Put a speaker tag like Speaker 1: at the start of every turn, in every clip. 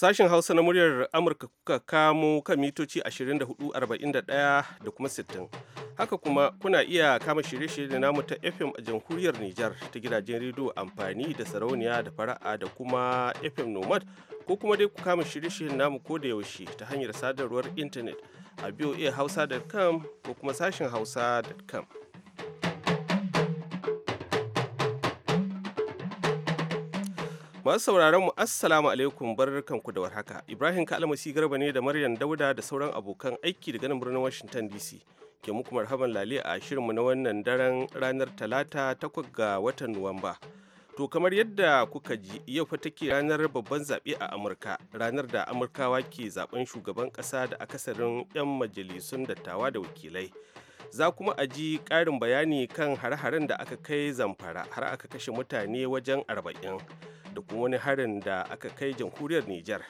Speaker 1: Sashen Hausa na muryar Amurka kuka kamo kan mitoci 24,41 da kuma 60. Haka kuma kuna iya kama shirye-shirye namu ta FM a jamhuriyar Nijar ta gidajen rediyo amfani da sarauniya da fara'a da kuma FM Nomad ko kuma dai ku kama shirye-shiryen namu ko da yaushe ta hanyar sadarwar intanet a biyo iya hausa.com ko kuma sashen hausa.com. Masu sauraron mu assalamu alaikum barkanku da warhaka. Ibrahim Kalmasi Garba ne da Maryam Dauda da sauran abokan aiki daga nan birnin Washington DC. Ke muku marhaban lale a shirinmu na wannan daren ranar Talata 8 ga watan Nuwamba. To kamar yadda kuka ji yau fa take ranar babban zaɓe a Amurka, ranar da Amurkawa ke zaben shugaban ƙasa da akasarin 'yan majalisun dattawa da wakilai. za kuma a ji ƙarin bayani kan har-haren da aka kai zamfara har aka kashe mutane wajen arba'in da kuma wani harin da aka kai jamhuriyar Nijar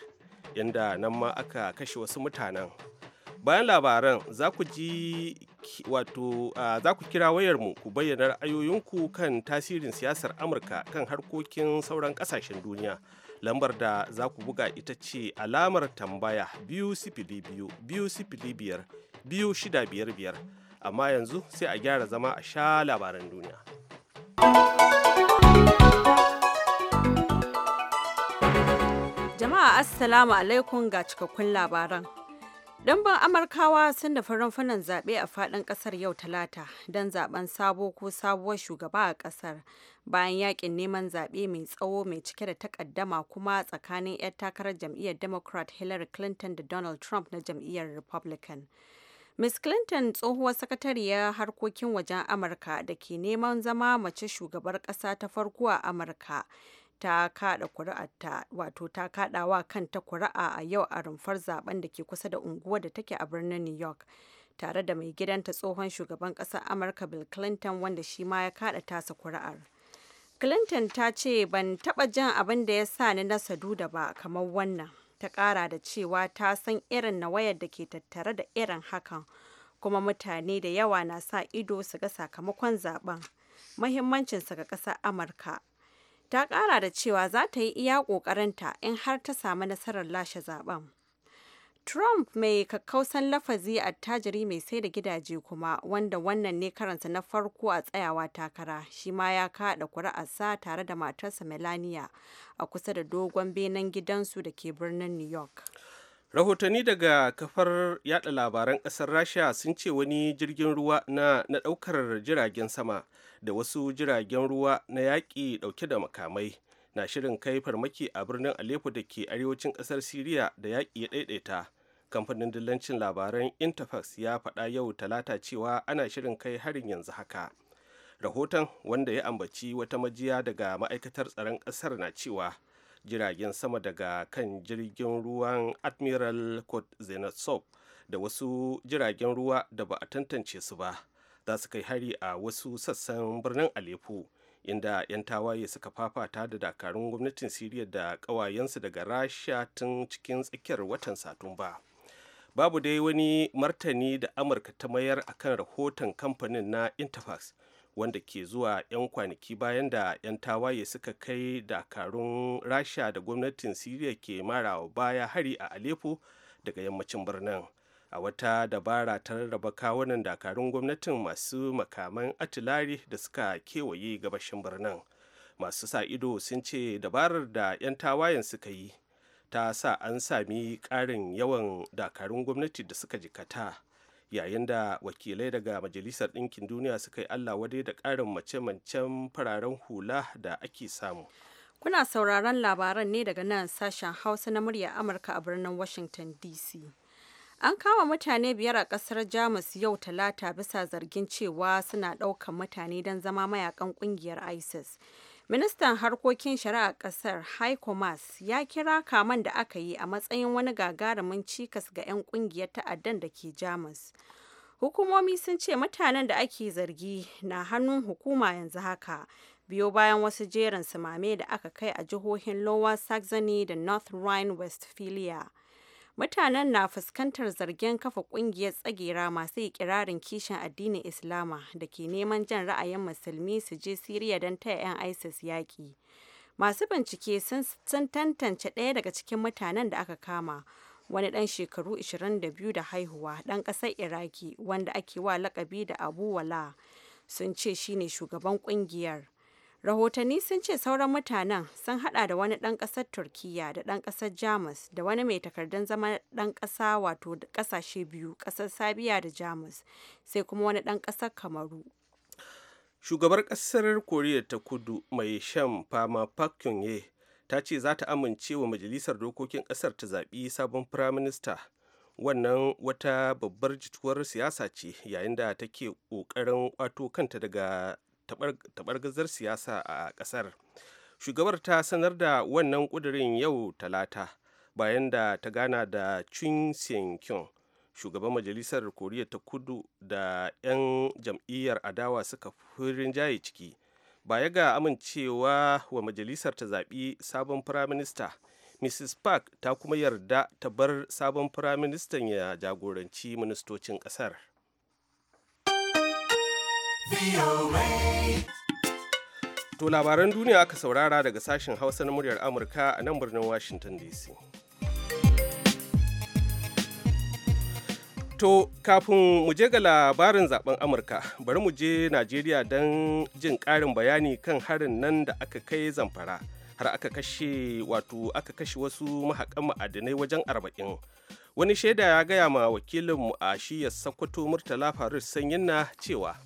Speaker 1: inda nan ma aka kashe wasu mutanen. Bayan labaran za ku ji wato za ku kira wayarmu ku bayyana ra'ayoyinku kan tasirin siyasar Amurka kan harkokin sauran ƙasashen duniya. lambar da za ku buga ita ce alamar tambaya biyu sifili biyu biyu sifili biyar biyu shida biyar biyar amma yanzu sai a gyara zama a sha labaran duniya
Speaker 2: jama'a assalamu alaikum ga cikakkun labaran Ɗanban Amurkawa sun da farin zaɓe a faɗin ƙasar yau Talata don zaɓen sabo ko sabuwar shugaba a ƙasar bayan yaƙin neman zaɓe mai tsawo mai cike da takaddama kuma tsakanin 'yar takarar jam'iyyar Democrat Hillary Clinton da Donald Trump na jam'iyyar Republican. Ms. Clinton tsohuwar sakatariyar harkokin wajen Amurka da ke neman zama mace shugabar ƙasa ta farko a Amurka. ta kada kuri'arta wato ta kada wa kanta kuri'a a yau a rumfar zaben da ke kusa da unguwar da take a birnin New York tare da mai gidanta tsohon shugaban ƙasar Amurka Bill Clinton wanda shi ma ya kada tasa kuri'ar. Clinton ta ce ban taba jan abin da ya sa ni na saduda ba kamar wannan ta kara da cewa ta san irin na da ke tattare da irin hakan kuma mutane da yawa na sa ido su ga sakamakon zaben mahimmancinsa ga ƙasar amurka ta kara da cewa za ta yi iya ƙoƙarinta in har ta samu nasarar lashe zaben Trump mai kakkausan lafazi a tajiri mai sai da gidaje kuma wanda wannan ne karansa na farko a tsayawa takara shi ma ya kada kuri'arsa tare da matarsa Melania a kusa da dogon benen gidansu da ke birnin New York.
Speaker 1: Rahotanni daga kafar yada labaran kasar Rasha sun ce wani jirgin ruwa na na daukar jiragen sama da wasu jiragen ruwa na yaƙi dauke da makamai na shirin kai farmaki a birnin Aleppo da ke arewacin kasar Siriya da yaƙi ya ɗaiɗaita. kamfanin dillancin labaran interfax ya faɗa yau talata cewa ana shirin kai harin yanzu haka rahoton wanda ya ambaci wata majiya daga ma'aikatar tsaron ƙasar na cewa jiragen sama daga kan jirgin ruwan admiral kuznetsov da wasu jiragen ruwa da ba a tantance su ba za su kai hari a wasu sassan birnin aleppo inda 'yan tawaye suka fafata da dakarun gwamnatin siriya da ƙawayensu daga rasha tun cikin tsakiyar watan satumba babu dai wani martani da amurka ta mayar a kan rahoton kamfanin na interfax wanda ke zuwa 'yan kwanaki bayan da 'yan tawaye suka kai dakarun rasha da gwamnatin Syria ke marawa baya hari a aleppo daga yammacin birnin a wata dabara ta rarraba kawunan dakarun gwamnatin masu makaman atilari da suka kewaye gabashin birnin masu sa ido sun ce dabarar da 'yan tawayen suka yi ta sa an sami ƙarin yawan dakarun gwamnati da suka jikata yayin da wakilai daga majalisar ɗinkin duniya suka yi allah wadai da ƙarin mace-macen fararen hula da ake samu kuna
Speaker 2: sauraron labaran ne daga nan sashen hausa na murya amurka a birnin washington dc An kama mutane biyar a kasar Jamus yau talata bisa zargin cewa suna ɗaukan mutane don zama mayakan kungiyar ISIS. Ministan harkokin shari'a ƙasar Heiko ya kira kaman da aka yi a matsayin wani gagarumin cikas ga 'yan ƙungiyar ta'addan da ke Jamus. Hukumomi sun ce mutanen da ake zargi na hannun hukuma yanzu haka, biyo bayan wasu jerin samame da aka kai a jihohin Lower Saxony da North Rhine-Westphalia. Mutanen na fuskantar zargin kafa kungiyar tsagera masu ikirarin kishin addinin Islama da ke neman jan ra'ayin musulmi su je Siriya don taya 'yan ISIS yaƙi. Masu bincike sun tantance ɗaya daga cikin mutanen da aka kama, wani ɗan shekaru 22 da haihuwa ɗan ƙasar Iraki wanda ake wa lakabi da Abu Wala, sun ce shine shugaban kungiyar. rahotanni sun ce sauran mutanen sun hada da wani dan kasar turkiya da dan kasar jamus da wani mai takardun zama dan kasa wato kasashe biyu kasar sabiya da jamus sai kuma wani dan kasar kamaru
Speaker 1: shugabar kasar koriya ta kudu mai shan fama park ye ta ce za ta amince wa majalisar dokokin kasar ta zaɓi sabon firaminista wannan wata babbar jituwar siyasa ce yayin da take ƙoƙarin kwato kanta daga taɓargazar siyasa a ƙasar shugabar ta sanar da wannan kudirin yau talata bayan da ta gana da chun kyung shugaban majalisar koriya ta kudu da 'yan jam'iyyar adawa suka fi jaye ciki baya ga amincewa wa majalisar ta zaɓi sabon firaminista mrs park ta kuma yarda ta bar sabon firaministan ya jagoranci ministocin ƙasar To labaran duniya aka saurara daga sashen Hausa na muryar Amurka a nan birnin Washington DC. To kafin mu je ga labarin zaben Amurka, bari mu je Najeriya don jin ƙarin bayani kan harin nan da aka kai zamfara. Har aka kashe wato aka kashe wasu mahaƙan ma'adinai wajen arba'in. Wani shaida ya gaya ma wakilinmu a shiyar Sokoto Murtala Faris Sanyinna cewa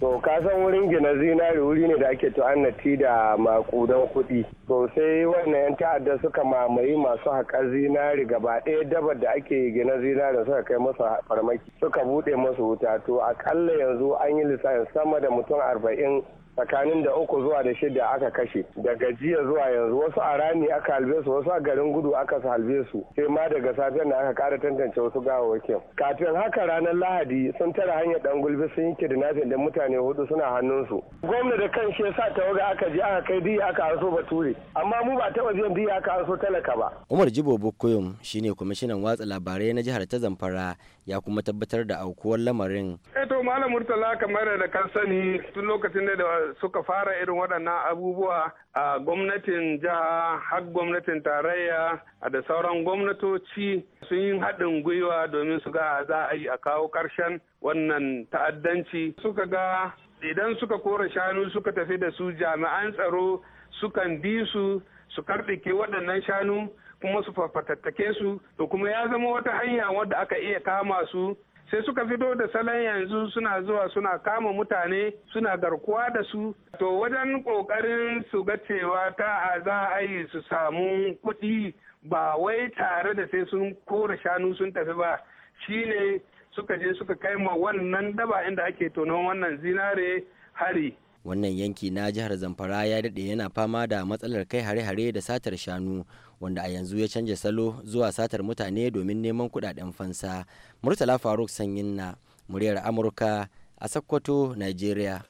Speaker 3: To ka san wurin gina zinari wuri ne da ake tu'annati da makudan kuɗi. Sosai sai wannan 'yan ta'adda suka mamaye masu haƙar zinari gaba ɗaya dabar da ake gina zinari suka kai musu farmaki suka buɗe masu wuta. To akalla yanzu an yi lissafin sama da mutum arba'in tsakanin da uku zuwa da shida aka kashe daga jiya zuwa yanzu wasu a rami aka halbe su wasu a garin gudu aka halbe su sai ma daga safiyar da aka kara tantance wasu gawawakin kafin haka ranar lahadi sun tara hanyar dan gulbi sun yi kidnapping da mutane hudu suna hannun su gwamna da kan shi yasa tawaga aka je aka kai diya aka anso bature amma mu ba taba biyan diya aka anso talaka ba
Speaker 4: umar jibo bukoyum shine kwamishinan watsa labarai na jihar ta zamfara ya kuma tabbatar da aukuwar lamarin.
Speaker 5: Eto eh Malam Murtala kamar da kan sani tun lokacin da suka fara irin waɗannan abubuwa a gwamnatin jiha har gwamnatin tarayya da sauran gwamnatoci sun yi haɗin gwiwa domin su ga za a yi a kawo ƙarshen wannan ta'addanci suka ga idan suka kora shanu suka tafi da su jami'an tsaro sukan bi su su karɗike waɗannan shanu kuma su fafatattake su to kuma ya zama wata hanya wadda aka iya kama su sai suka fito da salon yanzu suna zuwa suna kama mutane suna garkuwa da su to wajen kokarin su ga cewa ta za a yi su samu kuɗi ba wai tare da sai sun kora shanu sun tafi ba shine suka je suka kai ma wannan daba inda ake tonon wannan zinare hari
Speaker 4: wannan yanki na jihar zamfara ya daɗe yana fama da matsalar kai hare-hare da satar shanu wanda a yanzu ya canja salo zuwa satar mutane domin neman kuɗaɗen fansa murtala faruk sanyin na muryar amurka a sakkwato nigeria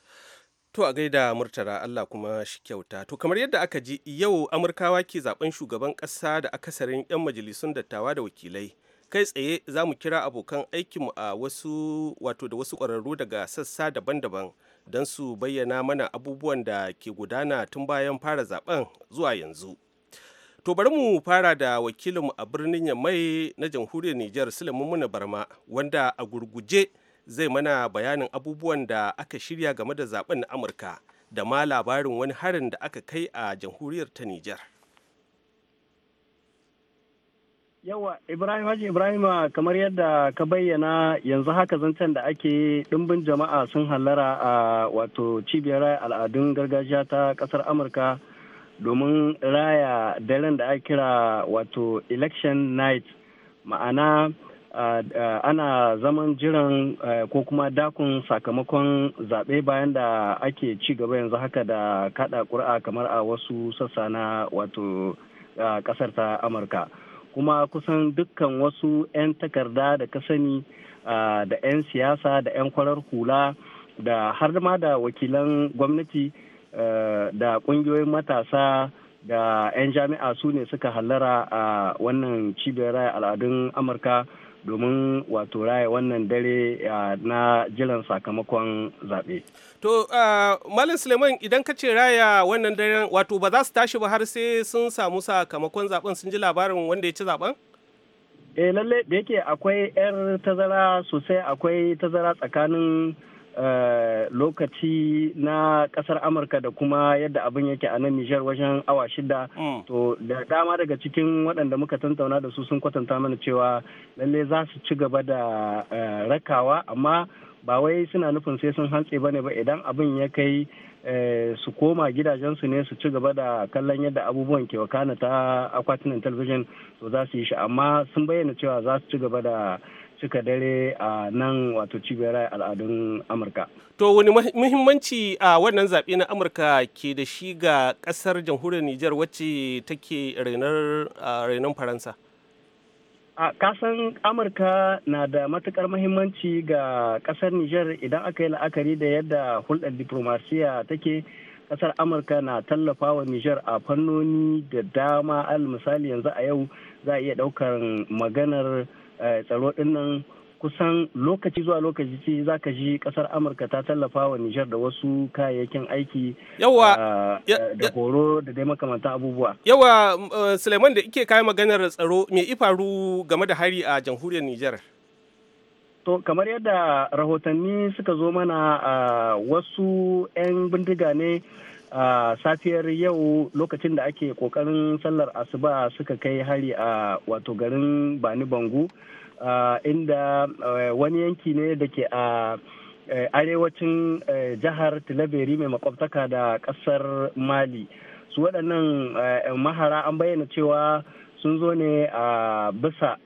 Speaker 1: To a gaida murtala Allah kuma shi kyauta. To kamar yadda aka ji yau Amurkawa ke zaben shugaban ƙasa da akasarin 'yan majalisun dattawa da wakilai. Kai tsaye za mu kira abokan aikinmu a wasu wato da wasu kwararru daga sassa daban-daban don su bayyana mana abubuwan da ke gudana tun bayan fara zaben zuwa yanzu to bari mu fara da wakilinmu a birnin yamai na jamhuriyar nijar sulaimun muna barma wanda a gurguje zai mana bayanin abubuwan da aka shirya game da zaben na amurka da ma labarin wani harin da aka kai a jamhuriyar ta nijar
Speaker 4: Yawa Ibrahim Haji Ibrahim ah, kamar yadda ka bayyana yanzu haka zancen da ake ɗimbin jama'a sun hallara a wato cibiyar al'adun gargajiya ta kasar Amurka domin raya daren da ake kira wato election night ma'ana ah, ah, ana zaman jiran eh, ko kuma dakun sakamakon zaɓe bayan da ake ci gaba yanzu haka da kaɗa ƙuri'a kamar a wasu sassa na wato ƙasar ta amurka kuma kusan dukkan wasu 'yan takarda da ka sani da 'yan siyasa da 'yan kwarar hula da har ma da wakilan gwamnati da ƙungiyoyin matasa da 'yan jami'a su ne suka hallara a wannan cibiyar al'adun amurka domin wato raya wannan dare na jiran sakamakon zaɓe.
Speaker 1: To, Malam Suleiman idan ka ce raya wannan daren wato ba za su tashi ba har sai sun samu sakamakon zaɓen sun ji labarin wanda ya ci zaɓen? Eh lalle da yake
Speaker 4: akwai 'yar tazara sosai akwai tazara tsakanin Eh, lokaci na kasar amurka da kuma yadda abin yake a nan nijar wajen awa shida mm. to da dama daga cikin waɗanda muka tantauna da su sun kwatanta mana cewa lalle za su ci gaba da eh, rakawa amma ba wai suna nufin sai sun hantse ba ne ba idan abin ya kai eh, su koma gidajensu ne su ci gaba da kallon yadda abubuwan ke wakana ta akwatinan talbijin to za su yi shi amma sun bayyana cewa za su ci gaba da suka dare a nan wato cibiyar al'adun amurka
Speaker 1: to wani muhimmanci a wannan zaɓe na amurka ke da shi ga ƙasar jamhuriyar nijar wacce take rainon faransa
Speaker 4: a kasan amurka na da matukar muhimmanci ga ƙasar nijar idan aka yi la'akari da yadda hulɗar diplomasiya take ƙasar amurka na tallafa wa nijar a fannoni da dama al misali yanzu a yau za a iya ɗaukar maganar Eh, tsaro ɗin nan kusan lokaci zuwa lokaci ce za ka ji kasar amurka ta tallafa wa nijar da wasu kayayyakin aiki
Speaker 1: yawa ah, eh,
Speaker 4: da horo da dai makamantan abubuwa
Speaker 1: yawa eh, suleiman da ike kayan maganar tsaro mai ifaru game da hari a jamhuriyar nijar
Speaker 4: to kamar yadda rahotanni suka zo mana ah, wasu 'yan bindiga ne a safiyar yau lokacin da ake kokarin sallar asuba suka kai hari a wato garin bani bangu inda wani yanki ne da ke a arewacin jihar tilaberi mai makwabtaka da kasar mali su waɗannan mahara an bayyana cewa sun zo ne a bisa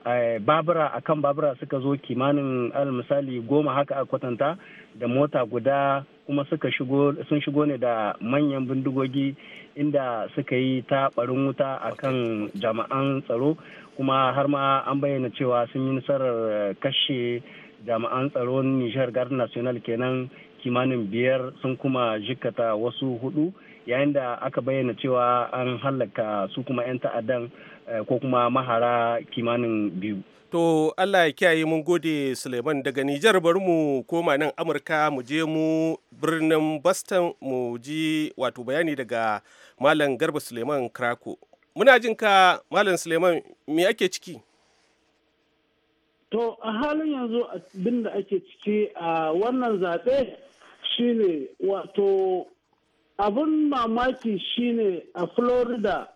Speaker 4: babura akan babura suka zo kimanin misali goma haka a kwatanta da mota guda kuma suka shigo sun shigo ne da manyan bindigogi inda suka yi ta barin wuta kan jami'an tsaro kuma har ma an bayyana cewa sun yi nasarar eh, kashe jami'an tsaro nishar guard national kenan kimanin biyar sun kuma jikata wasu hudu yayin da aka bayyana cewa an hallaka su kuma 'yan ta'addan eh, ko kuma mahara kimanin
Speaker 1: biyu To Allah ya kiyaye mun gode Suleiman daga Nijar bari mu koma nan Amurka mu je mu birnin Boston mu ji wato bayani daga Malam Garba Suleiman Krako. Muna jin ka Malam Suleiman me ake ciki?
Speaker 6: To a halin yanzu abin da ake ciki a wannan zaɓe shine wato abin mamaki shine a Florida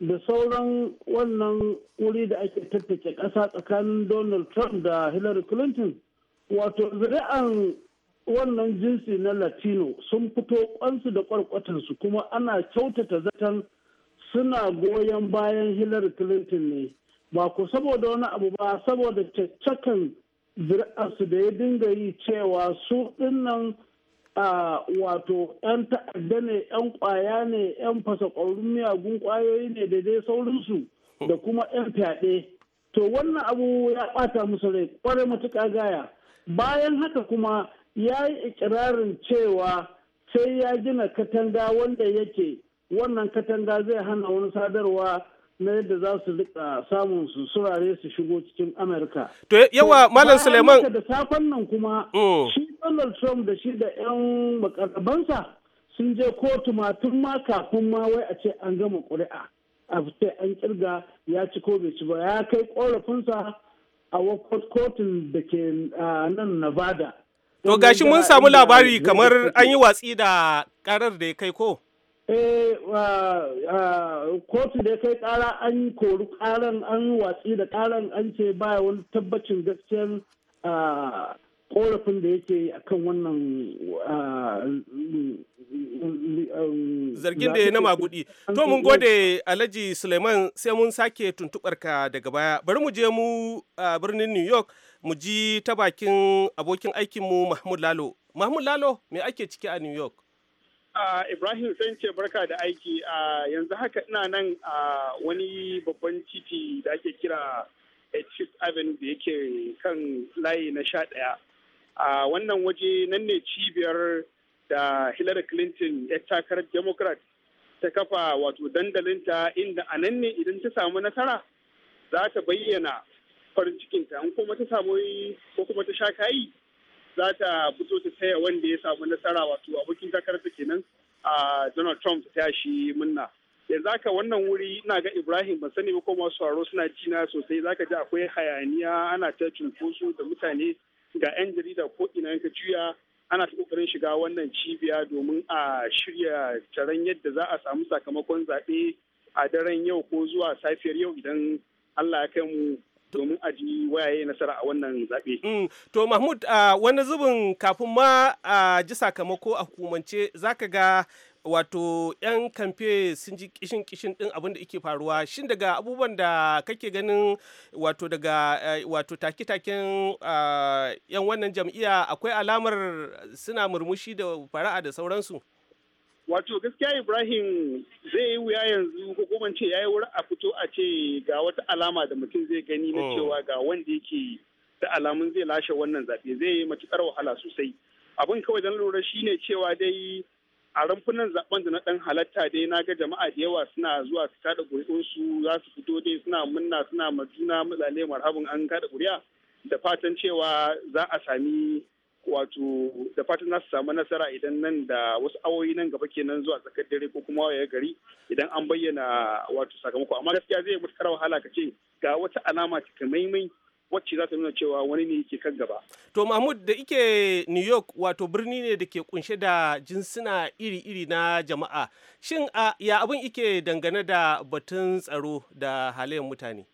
Speaker 6: da sauran wannan wuri da ake tattake ƙasa tsakanin donald trump da hillary clinton wato zuri'an wannan jinsi na latino sun fito kwansu da kwarkwatansu kuma ana kyautata zaton suna goyon bayan hillary clinton ne ba ku saboda wani abu ba saboda caccakan zuri'arsu da ya dinga yi cewa su dinnan wato 'yan ta'adda ne 'yan ƙwaya ne 'yan fasakorin miyagun ƙwayoyi ne da dai saurinsu da kuma 'yan fyaɗe to wannan abu ya ɓata musu rai kwarai matuƙa gaya bayan haka kuma ya yi ikirarin cewa sai ya gina katanga wanda yake wannan katanga zai hana wani sadarwa na yadda za su rika samun su surare su shigo cikin Amurka. To yawa Malam Suleiman. Da safen nan kuma mm. shi Donald Trump da shi da 'yan makarabansa sun je kotu ma tun ma kafin ma wai a ce an gama ƙuri'a. A fita an ƙirga ya ci ko bai ci ba ya kai ƙorafinsa a kotun da ke nan Nevada. To gashi mun samu labari kamar an yi watsi
Speaker 1: da karar da ya kai ko? eh
Speaker 6: kotu da kai kara an kori karan an watsi da karan an ce ba wani tabbacin gaskiyar korafin da yake akan wannan zargin da ya na magudi to mun gode
Speaker 1: alhaji suleiman sai mun sake tuntuɓarka daga baya bari mu je mu a birnin new york mu ji ta bakin abokin aikinmu mahmud lalo mahmud lalo me ake ciki a new york
Speaker 5: Ibrahim san ce barka da aiki yanzu haka ina nan wani babban titi da ake kira Chief Avenue da yake kan layi na sha ɗaya. A Wannan waje nan ne cibiyar da Hillary Clinton ya takarar Democrat ta kafa wato dandalinta inda a nan ne idan ta samu nasara za ta bayyana farin cikinta in kuma ta samu ko kuma ta sha kayi za ta fito ta taya wanda ya samu nasara wato abokin takararsa kenan a Donald Trump ta taya shi munna. Yanzu haka wannan wuri ina ga Ibrahim ban sani ba ko masu sauraro suna jina sosai zaka ji akwai hayaniya ana ta cunkoso da mutane ga 'yan jarida ko ina ka juya ana ta kokarin shiga wannan cibiya domin a shirya taron yadda za a samu sakamakon zaɓe a daren yau ko zuwa safiyar yau idan Allah ya kai mu domin a ji wayaye nasara
Speaker 1: a wannan zaɓe. Mm, to Mahmud wani zubin kafin ma a ji sakamako a hukumance za ka ga wato 'yan kamfe sun ji kishin kishin din abin da ike faruwa shin daga abubuwan da kake ganin wato daga wato take-taken 'yan wannan jam'iyya akwai alamar suna murmushi da fara'a da sauransu? Wato gaskiya Ibrahim zai yi wuya yanzu ko kuma
Speaker 5: ce ya yi wuri a fito a ce ga wata alama da mutum zai gani na oh. cewa ga wanda yake da alamun zai lashe wannan zaɓe zai yi matukar wahala sosai. Abin kawai don lura shine cewa dai a rumfunan zaben da na dan halatta dai na ga jama'a da yawa suna zuwa su da ƙuri'unsu za su fito dai suna munna suna majuna mulale marhabin an kada ƙuri'a da fatan cewa za a sami wato da fatan za su samu nasara idan nan da wasu awoyi nan gaba kenan zuwa tsakar dare ko kuma waye gari idan an bayyana wato sakamako amma gaskiya zai mutukar wahala ka ce ga wata alama takamaimai wacce za ta nuna cewa wani ne yake kan gaba.
Speaker 1: To Mahmud da ike New York wato birni ne da ke kunshe da jinsuna iri-iri na jama'a. Shin ya abin ike dangane da batun tsaro da halayen mutane?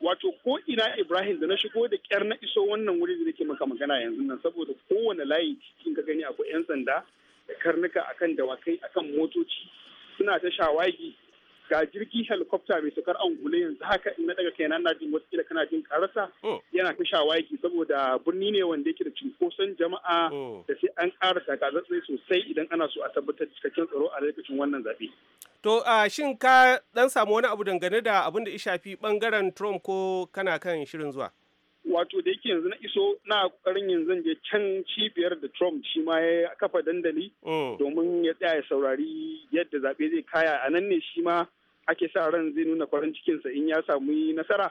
Speaker 5: wato ko ina ibrahim da na shigo da kyar na iso wannan wuri da nake maka magana yanzu nan saboda kowane layi cikin ka gani akwai yan sanda da karnuka akan dawakai akan motoci suna ta shawagi ga jirgin helikopta mai an angulu yanzu haka in na daga kai na jin wasu kana jin karasa oh. yana kashawa yake saboda birni ne wanda yake da cunkoson jama'a oh. da sai an ƙara tsaye sosai idan ana so a tabbatar cikakken tsaro a lokacin wannan zaɓe.
Speaker 1: To a shin ka dan samu wani abu dangane da abin da ya shafi bangaren Trump ko kana kan shirin zuwa?
Speaker 5: wato da yake yanzu na iso na kokarin yanzu je can cibiyar da Trump shi ma ya kafa dandali oh. domin ya tsaya ya saurari yadda zaɓe zai kaya a nan ne shi ma ake sa ran zai nuna farin cikinsa in ya samu nasara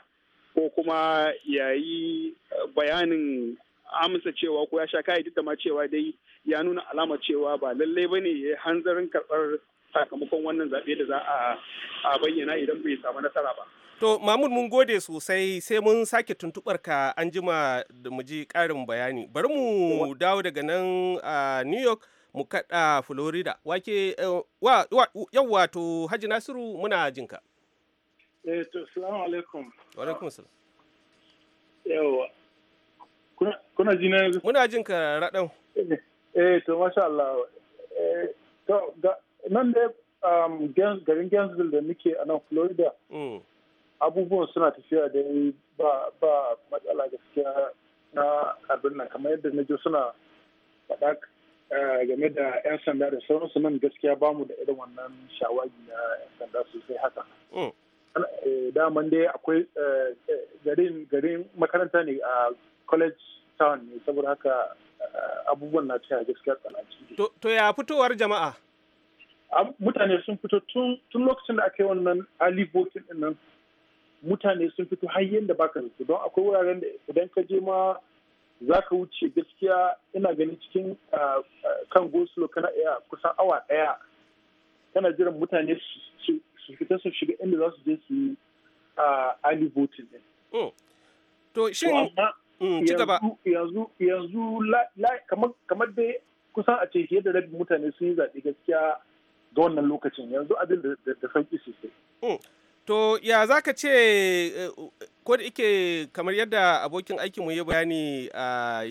Speaker 5: ko kuma ya yi eh, bayanin amsa cewa ko ya sha kayi da ma cewa dai ya nuna alama cewa ba lallai ba ne ya hanzarin karɓar sakamakon wannan zaɓe da za a bayyana idan bai samu nasara ba.
Speaker 1: To Mahmud mun gode sosai sai mun sake tuntuɓarka ka an jima da mu ji ƙarin bayani. Bari mu dawo daga nan a New York mu kaɗa florida wake eh, yau wato haji nasiru muna jinka
Speaker 6: eto eh, salamu alaikum wa alaikum salam yawa
Speaker 1: kuna ji na yanzu muna jinka raɗau
Speaker 7: eh, eh to masha Allah to nan da um, garin Gainesville da muke a nan Florida mm. abubuwan suna tafiya da ba ba matsala gaskiya na abin nan kamar yadda na suna faɗa Eh, game da 'yan sanda da sauransu nan gaskiya ba mu da irin wannan shawagi na 'yan sanda sosai haka. Oh. Eh, daman dai akwai eh, garin garin makaranta ne a college town ne saboda haka abubuwan na cewa gaskiya tsanaci.
Speaker 1: To ya fitowar jama'a? Ah, mutane sun fito tun lokacin da aka yi wannan
Speaker 7: early voting din nan mutane sun fito har yadda baka zato don akwai wuraren da idan ka je ma za ka wuce gaskiya ina gani cikin kan gosulo kana iya kusan awa ɗaya kana jiran mutane su fita su shiga inda za su je su yi ali voting din.
Speaker 1: Oh. To shin
Speaker 5: mm,
Speaker 7: Yanzu kamar dai kusan a ce fiye da rabin mutane sun yi zaɓe gaskiya ga wannan lokacin yanzu abin da sauƙi sosai.
Speaker 1: Oh. To ya za ka ce eh, ko da ike kamar yadda abokin mu ya bayani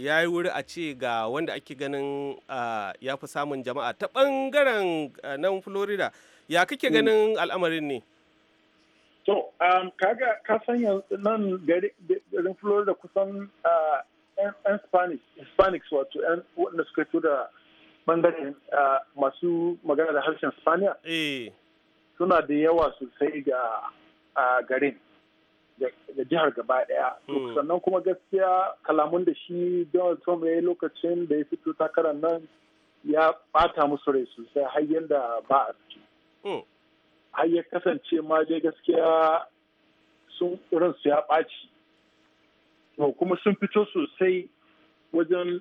Speaker 1: ya yi wuri a ce ga wanda ake ganin ya fi samun jama'a ta bangaren nan florida ya kake mm. ganin al'amarin ne
Speaker 7: to kaga um, ka sanya nan garin florida kusan yan spanish wato yan waɗanda suka fito da bangaren masu magana da harshen spaniya eh. suna da yawa sosai ga garin da jihar gaba daya hmm. sannan kuma gaskiya kalamun da shi donald trump ya yi lokacin da ya fito takarar nan ya bata musu rai sosai har yadda ba a ciki hmm. har ya kasance ma dai gaskiya sun ransu ya ɓaci kuma sun fito sosai wajen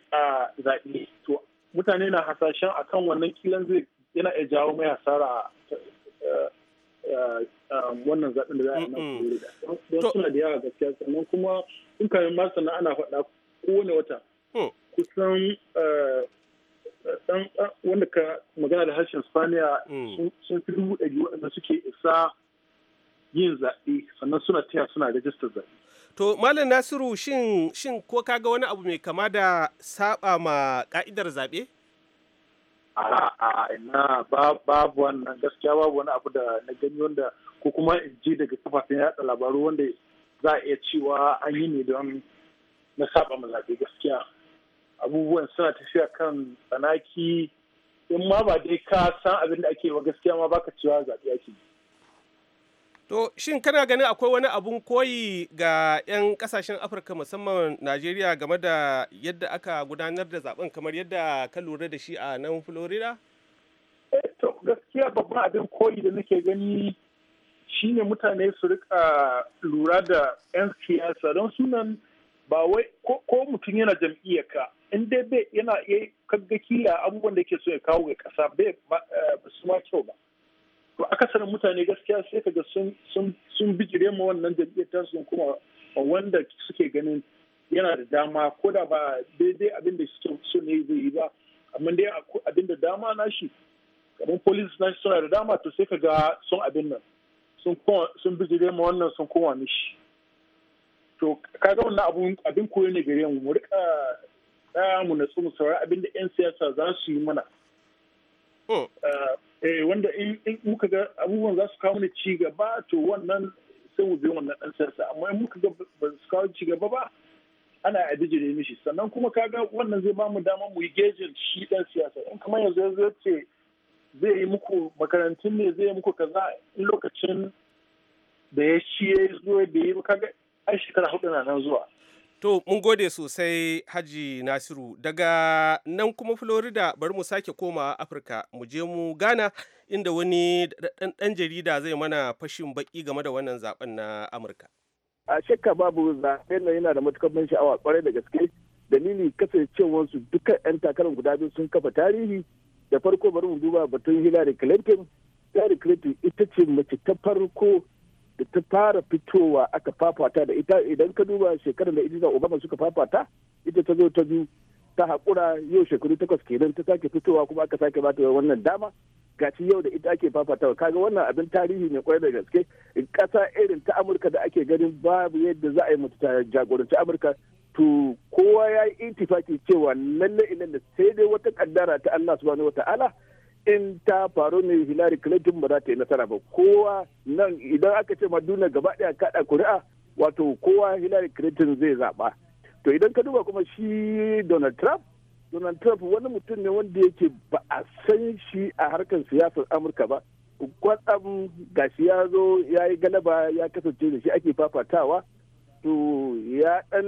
Speaker 7: zaɓe to mutane na hasashen akan wannan kilan zai yana iya jawo mai hasara eh, wannan zaɓen da za a yi na don suna da yawa gaskiya sannan kuma in kamin ma na ana faɗa kowane wata
Speaker 1: hmm.
Speaker 6: kusan
Speaker 7: wanda ka magana da harshen spaniya hmm. sun fi dubu ɗari waɗanda suke isa
Speaker 1: yin zaɓe sannan suna taya suna rajistar zaɓe To Malam Nasiru shin ko ka ga wani abu mai kama da saba ma ka'idar zaɓe?
Speaker 7: a ina babu wannan gaskiya babu wani abu da na gani wanda ko kuma in ji daga kafafen yatsa labaru wanda za a iya cewa an yi ne don na saba zaɓe gaskiya abubuwan suna tafiya kan tsanaki in ma ba dai ka san abin da ake wa gaskiya ma baka cewa zaɓe ake yi
Speaker 1: To shin kana ganin akwai wani abun koyi ga 'yan kasashen Afirka musamman Najeriya game da yadda aka gudanar da zaben kamar yadda ka lura da shi a nan Florida?
Speaker 7: Eh, to gaskiya babban abin koyi da nake gani shine mutane su rika lura da 'yan siyasa don sunan ba wai ko mutum yana jam'iyyar ka in dai bai yana iya kaggaki abubuwan da ke so ya kawo ga kasa bai eh, ba su ma kyau ba to akasarin mutane gaskiya sai kaga sun sun bijire ma wannan jam'iyyar sun kuma wanda suke ganin yana da dama ko da ba daidai abin da suke so ne zai yi ba amma dai abin da dama nashi kamar polis nashi suna da dama to sai kaga sun abin nan sun bijire ma wannan sun koma mishi to kaga wannan abin koyo ne gare mu mu rika tsaya mu natsu mu saurari abin da 'yan siyasa za su yi mana eh, eh wanda in muka ga abubuwan za su kawo ni ci gaba to wannan sai mu bi wannan dan siyasa amma in muka ga ba su kawo ci gaba ba ana a bijire mishi sannan kuma kaga wannan zai ba mu dama mu yi gejin shi dan siyasa in kamar yanzu yanzu ya ce zai yi muku makarantun ne zai yi muku kaza in lokacin da ya shi ya zo da yi kaga ai shekara hudu na nan zuwa
Speaker 1: To, mun gode sosai Haji Nasiru. Daga nan kuma Florida bari mu sake koma Afirka, mu je mu Ghana inda wani ɗan jarida zai mana fashin baƙi game da wannan zaben na Amurka.
Speaker 3: A shakka babu zaɓen nan yana da matukar ban sha'awa kwarai da gaske. Dalili kasancewarsu duka 'yan takarar guda biyu sun kafa tarihi. Da farko bari mu duba batun Hillary Clinton. Hillary Clinton ita ce mace ta farko da ta fara fitowa aka fafata da ita idan ka duba shekarar da ita obama suka fafata ita ta zo ta biyu ta haƙura yau shekaru takwas kenan ta sake fitowa kuma aka sake bata wannan dama gaci yau da ita ake fafatawa kaga wannan abin tarihi ne kwarai da gaske kasa irin ta amurka da ake ganin babu yadda za a yi mutu jagoranci amurka to kowa ya yi intifaki cewa lalle inan da sai dai wata kaddara ta allah subhanahu ta'ala in ta faru ne hilari Clinton ba za ta yi nasara ba kowa nan idan aka ce Maduna gaba daya kaɗa kuri'a wato kowa hilari Clinton zai zaɓa to idan ka duba kuma shi Donald Trump Donald Trump wani mutum ne wanda yake ba a san shi a harkar siyasar Amurka ba kwatsam gashi ya zo ya yi galaba ya kasance da shi ake fafatawa to ya dan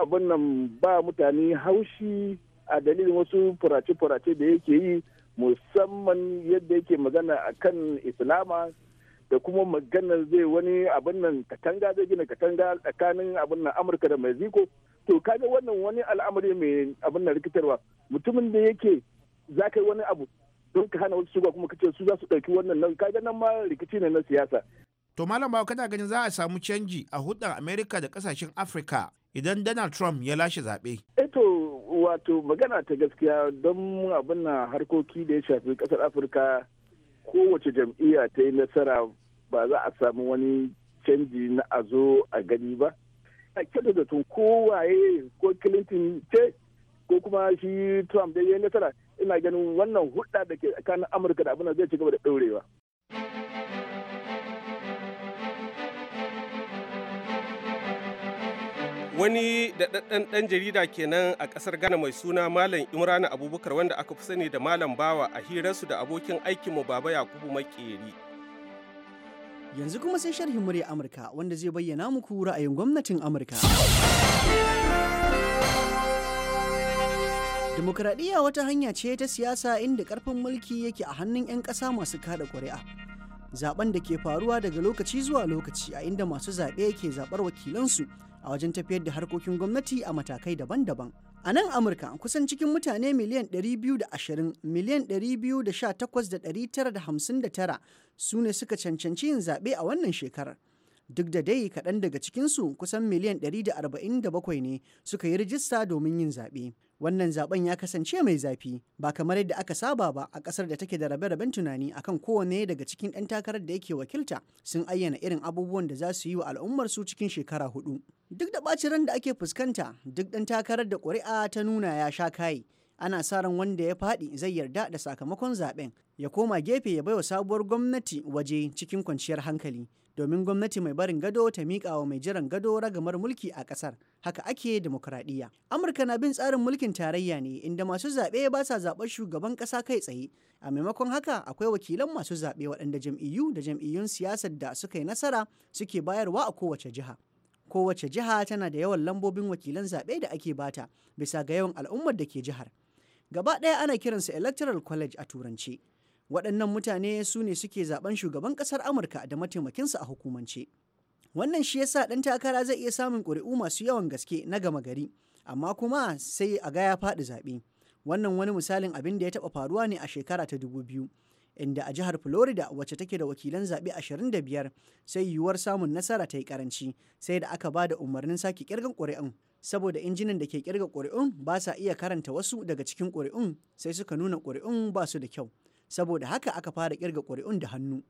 Speaker 3: abin nan ba mutane haushi a dalilin wasu furace-furace da yake yi musamman yadda yake magana a kan islama da kuma maganar zai wani abin nan katanga zai gina katanga tsakanin abin nan amurka da mexico to kaga wannan wani al'amari mai abin nan rikitarwa mutumin da yake za ka yi wani abu don ka hana wasu shugaba kuma kace su za su ɗauki wannan nan kaga nan ma rikici ne na siyasa
Speaker 6: to malam bawa kana ganin za a samu canji a hudar america da kasashen afirka idan donald trump ya lashe zaɓe.
Speaker 3: eh to wato magana ta gaskiya don abin na harkoki da ya shafi kasar afirka kowace jam'iyya ta yi nasara ba za a samu wani canji na a zo a gani ba a kyautar da tun kowaye ko clinton ce ko kuma shi trump da ya yi nasara ina ganin wannan hudda da ke tsakanin amurka da abin zai ci gaba da ɗorewa.
Speaker 1: wani daɗaɗɗen ɗan jarida kenan a ƙasar ghana mai suna malam imrana abubakar wanda aka fi sani da malam bawa a hirarsu da abokin aikinmu baba yakubu makeri
Speaker 8: yanzu kuma sai sharhin murya amurka wanda zai bayyana muku ra'ayin gwamnatin amurka Demokuraɗiyya wata hanya ce ta siyasa inda ƙarfin mulki yake a hannun 'yan ƙasa masu kada ƙuri'a. Zaben da ke faruwa daga lokaci zuwa lokaci a inda masu zaɓe ke zaɓar wakilansu a wajen tafiyar da harkokin gwamnati a matakai daban-daban. A nan Amurka kusan cikin mutane miliyan 220 miliyan 218,959 su ne suka cancanci yin zaɓe a wannan shekarar. Duk da dai kaɗan daga cikinsu kusan miliyan 147 ne suka yi rijista domin yin zaɓe. Wannan zaɓen ya kasance mai zafi ba kamar yadda aka saba ba a ƙasar da take da rabe-raben tunani akan kowane daga cikin ɗan takarar da yake wakilta sun ayyana irin abubuwan da za su yi wa al'ummarsu cikin shekara hudu. duk da ɓacin ran da ake fuskanta duk ɗan takarar da ƙuri'a ta nuna ya sha kayi ana sa ran wanda ya faɗi zai yarda da sakamakon zaɓen ya koma gefe ya baiwa sabuwar gwamnati waje cikin kwanciyar hankali domin gwamnati mai barin gado ta miƙa wa mai jiran gado ragamar mulki a ƙasar haka ake demokuraɗiyya amurka na bin tsarin mulkin tarayya ne inda masu zaɓe ba sa zaɓar shugaban ƙasa kai tsaye a maimakon haka akwai wakilan masu zaɓe waɗanda jam'iyyu da jam'iyyun siyasar da suka yi nasara suke bayarwa a kowace jiha kowace jiha tana da yawan lambobin wakilan zaɓe da ake bata bisa ga yawan al'ummar da ke jihar gaba ɗaya ana kiransa electoral college a Turance. waɗannan mutane su ne suke zaɓen shugaban ƙasar amurka da mataimakinsa a hukumance wannan shi yasa ɗan takara zai iya samun ƙuri'u masu yawan gaske na gama gari amma kuma sai a ga ya faɗi zaɓe wannan wani misalin abin da ya taɓa faruwa ne a shekara ta dubu biyu inda a jihar Florida wacce take da wakilan zaɓe 25 sai yiwuwar samun nasara ta yi karanci sai da aka ba da umarnin sake kirgan ƙuri'un saboda injinan da ke kirga ƙuri'un ba sa iya karanta wasu daga cikin ƙuri'un sai suka nuna ƙuri'un ba su da kyau saboda haka aka fara kirga ƙuri'un da hannu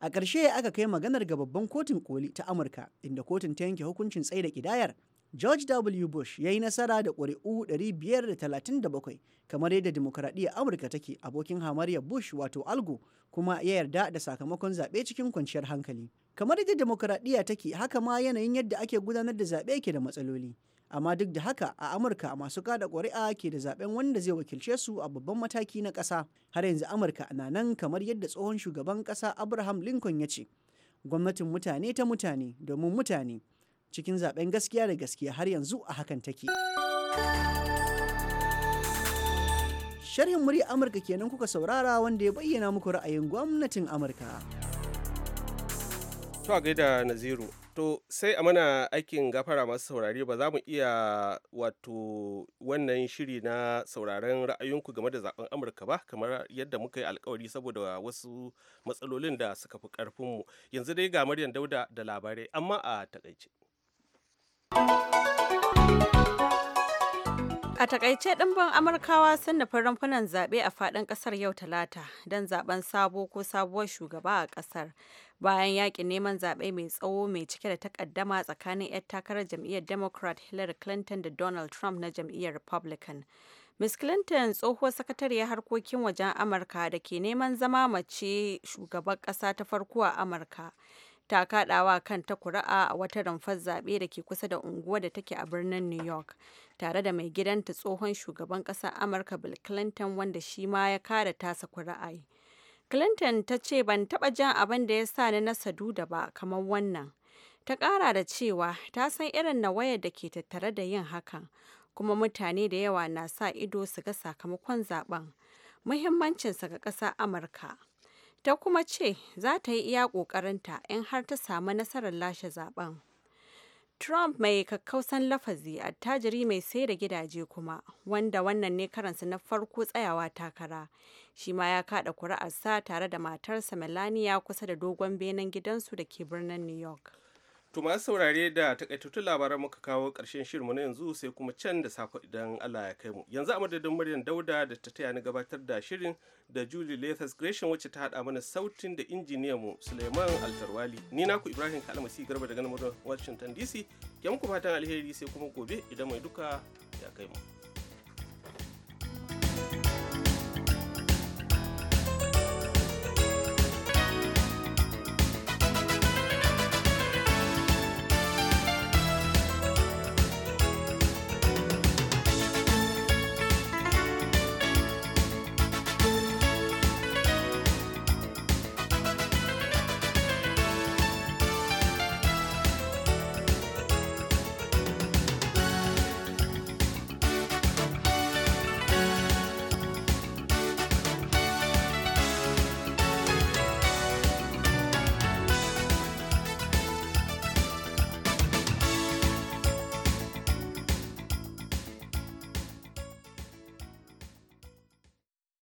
Speaker 8: a ƙarshe aka kai maganar ga babban kotun koli ta amurka inda kotun ta yanke hukuncin tsaida ƙidayar George W. Bush ya yi nasara da ƙuri'u 537 kamar yadda demokuraɗiyyar Amurka take abokin hamariyar Bush wato Algo kuma ya yarda da sakamakon zaɓe cikin kwanciyar hankali. Kamar yadda demokuraɗiyya take haka ma yanayin yadda ake gudanar da zaɓe ke da matsaloli. Amma duk da haka a Amurka masu kada ƙuri'a ke da zaɓen wanda zai wakilce su a babban mataki na ƙasa. Har yanzu Amurka na nan kamar yadda tsohon shugaban ƙasa Abraham Lincoln ya ce, gwamnatin mutane ta mutane domin mutane. cikin zaben gaskiya da gaskiya har yanzu a hakan take. Sharhin murya Amurka kenan kuka saurara wanda ya bayyana muku ra'ayin gwamnatin Amurka.
Speaker 1: To a gaida Naziru, to sai a mana aikin gafara masu saurari ba za mu iya wato wannan shiri na sauraren ra'ayinku game da zaben Amurka ba kamar yadda muka yi alkawari saboda wasu matsalolin da suka fi karfinmu. Yanzu dai ga Maryam Dauda da labarai amma a takaice. A
Speaker 2: takaice ɗimbin Amurkawa sun nufi rumfunan zaɓe a faɗin ƙasar yau Talata don zaɓen sabo ko sabuwar shugaba a ƙasar bayan yaƙin neman zaɓe mai tsawo mai cike da takaddama tsakanin 'yar takarar jam'iyyar Democrat Hillary Clinton da Donald Trump na jam'iyyar Republican. Ms. Clinton tsohuwar sakatariyar harkokin wajen Amurka da ke neman zama mace shugaban ƙasa ta farko a Amurka. ta kaɗawa kan ta kuri'a a wata rumfar zaɓe da ke kusa da unguwa da take a birnin New York, tare da mai gidanta tsohon shugaban ƙasar Amurka Bill Clinton wanda shi ma ya kada tasa kuri'a. Clinton ta ce ban taɓa jan abin da ya sa ni na sadu da ba kamar wannan. Ta ƙara da cewa ta san irin na wayar da ke tattare da yin hakan, kuma mutane da yawa na sa ido su ga sakamakon zaben, muhimmancinsa ga ƙasar Amurka. ta kuma ce za ta yi iya ƙoƙarinta in har ta samu nasarar lashe zaben. Trump mai kakkausan lafazi attajiri mai sai da gidaje kuma wanda wannan ne karansa na farko tsayawa takara shi ma ya kada kuri'arsa tare da matarsa Melania kusa da dogon benen gidansu da ke birnin New York.
Speaker 1: To masu saurare da takaitattun labaran muka kawo ƙarshen shirinmu na yanzu sai kuma can da safe idan Allah ya kai mu. Yanzu a madadin muryar Dauda da ta taya ni gabatar da shirin da Julie Lathas Gresham wacce ta haɗa mana sautin da injiniyan mu Suleiman Altarwali. Ni naku Ibrahim Kalmasi Garba daga nan Washington DC. Ke muku fatan alheri sai kuma gobe idan mai duka ya kai mu. thank you